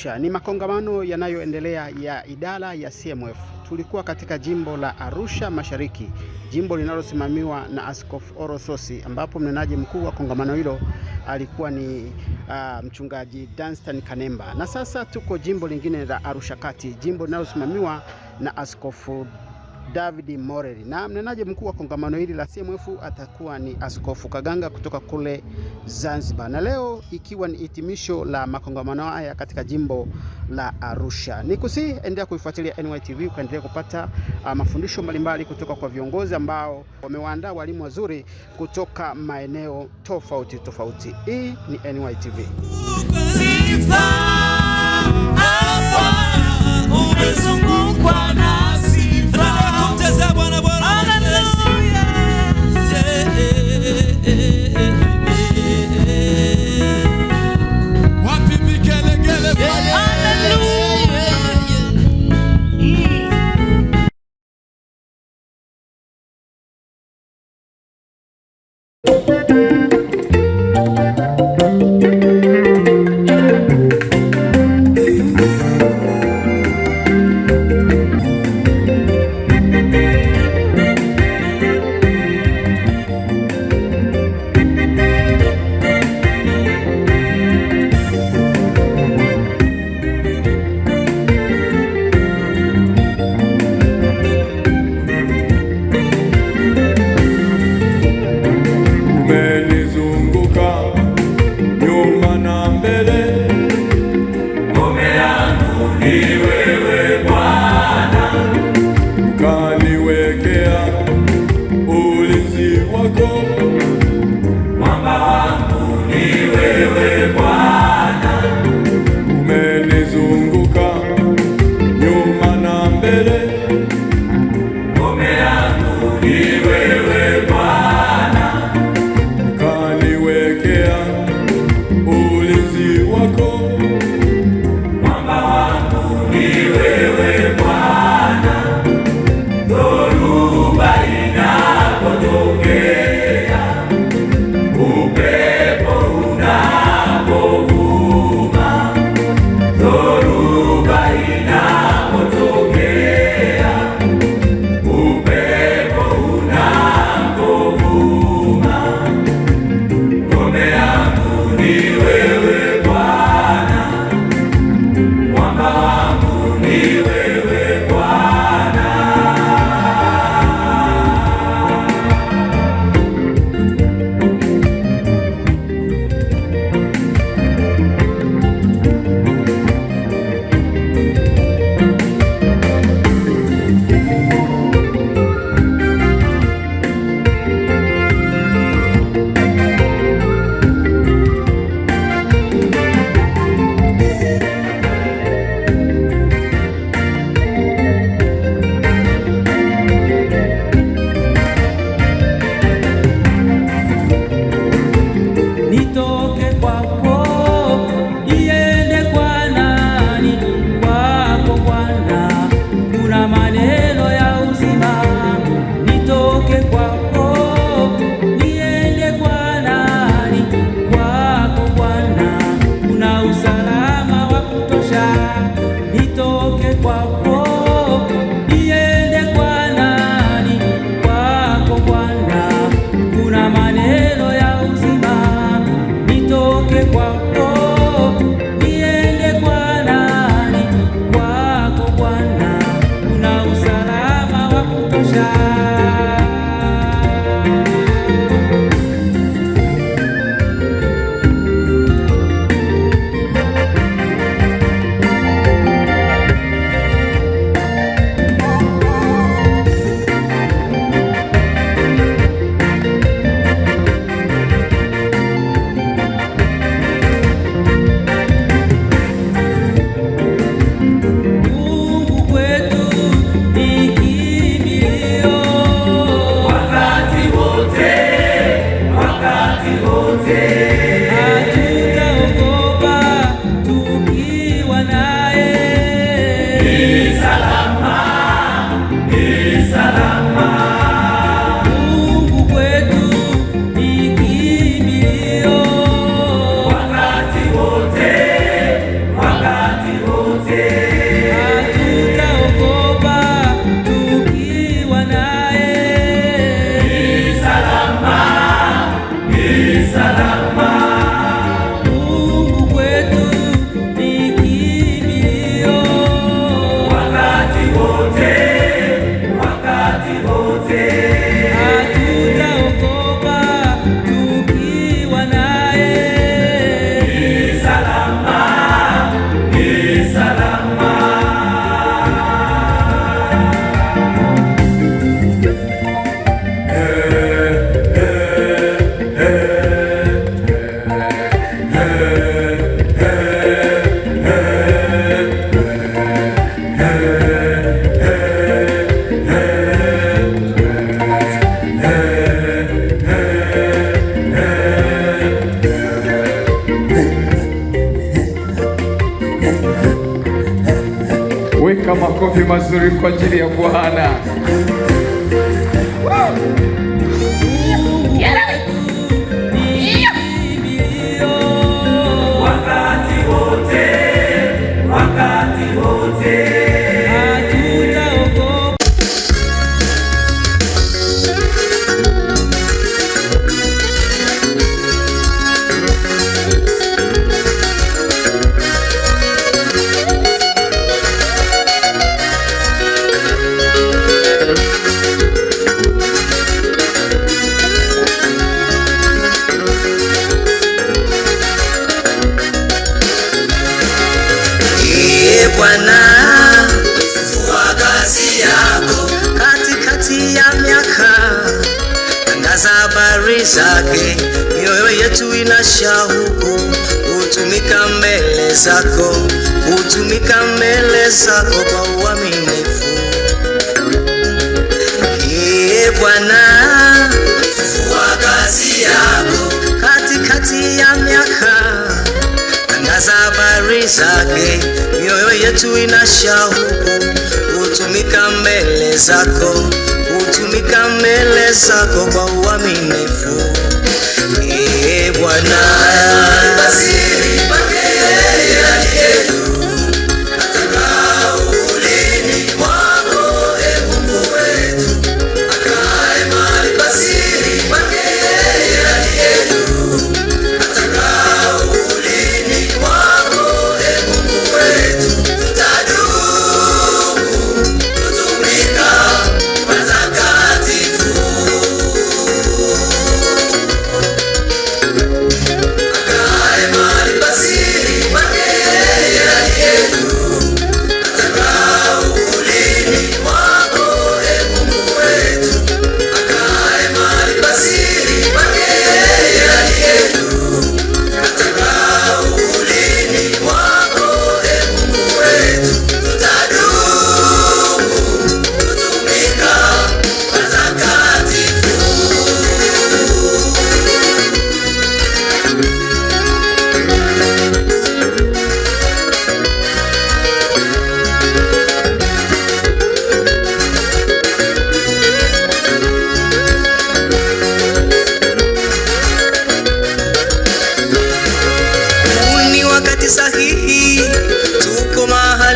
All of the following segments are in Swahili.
Arusha ni makongamano yanayoendelea ya idara ya CMF. Tulikuwa katika jimbo la Arusha Mashariki, jimbo linalosimamiwa na Askofu Orososi, ambapo mnenaji mkuu wa kongamano hilo alikuwa ni uh, mchungaji Danstan Kanemba, na sasa tuko jimbo lingine la Arusha Kati, jimbo linalosimamiwa na Askofu David Moreri. Na mnenaji mkuu wa kongamano hili la CMF atakuwa ni Askofu Kaganga kutoka kule Zanzibar. Na leo ikiwa ni hitimisho la makongamano haya katika jimbo la Arusha, ni kusi endelea kuifuatilia NYTV ukaendelea kupata uh, mafundisho mbalimbali kutoka kwa viongozi ambao wamewaandaa walimu wazuri kutoka maeneo tofauti tofauti. Hii ni NYTV. Sifa, apa, ngome yangu ni wewe makofi mazuri kwa ajili ya Bwana. zako, hutumika mbele zako kwa uaminifu. Ee Bwana, fufua kazi yako katikati ya miaka, tangaza habari zake. Mioyo yetu ina shauku, hutumika mbele zako, hutumika mbele zako kwa uaminifu. Ee Bwana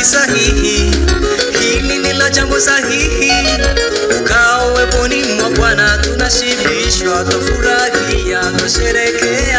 ni sahihi, hili ni la jambo sahihi, ukawa uweponi mwa Bwana tunashibishwa, twafurahia, twasherekea